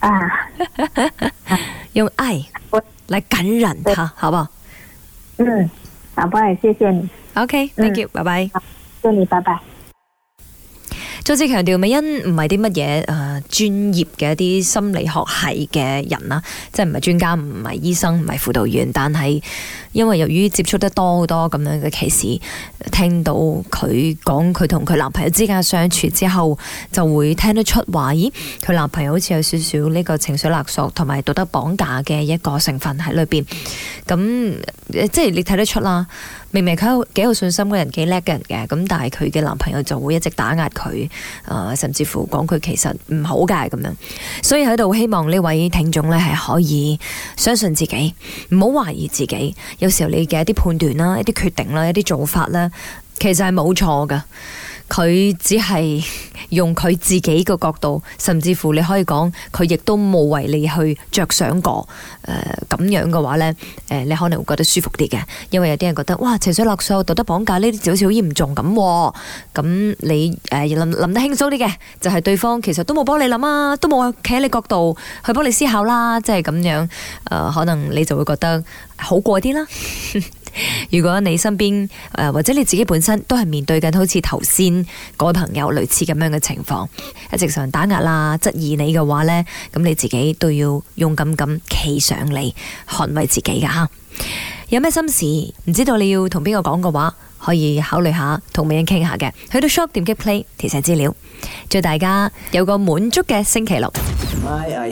啊！啊 用愛來感染他對、啊，好不好？嗯，好拜謝謝你。OK，thank、okay, you，拜拜、嗯。祝你拜拜。再次強調，美恩唔係啲乜嘢誒專業嘅一啲心理學系嘅人啦，即係唔係專家，唔係醫生，唔係輔導員，但係，因為由於接觸得多好多咁樣嘅歧視，聽到佢講佢同佢男朋友之間嘅相處之後，就會聽得出話，咦，佢男朋友好似有少少呢個情緒勒索同埋道德綁架嘅一個成分喺裏邊。咁即係你睇得出啦，明明佢有幾有信心嘅人，幾叻嘅人嘅，咁但係佢嘅男朋友就會一直打壓佢，呃，甚至乎講佢其實唔好嘅咁樣。所以喺度希望呢位聽眾呢係可以相信自己，唔好懷疑自己。有時候你嘅一啲判斷啦、一啲決定啦、一啲做法啦，其實係冇錯噶。佢只係用佢自己嘅角度，甚至乎你可以講佢亦都冇為你去着想過。誒、呃，咁樣嘅話呢，誒、呃，你可能會覺得舒服啲嘅，因為有啲人覺得，哇，情緒勒索、道德綁架呢啲就好似好嚴重咁。咁、哦、你誒諗、呃、得輕鬆啲嘅，就係、是、對方其實都冇幫你諗啊，都冇企喺你角度去幫你思考啦，即係咁樣。誒、呃，可能你就會覺得好過啲啦。 如果你身邊誒、呃、或者你自己本身都係面對緊好似頭先個朋友類似咁樣嘅情況，一直受打壓啦、質疑你嘅話呢，咁你自己都要勇敢咁企上嚟捍衛自己噶吓。有咩心事唔知道你要同邊個講嘅話，可以考慮下同美欣傾下嘅。去到 Shop 點擊 Play 填寫資料，祝大家有個滿足嘅星期六。Hi,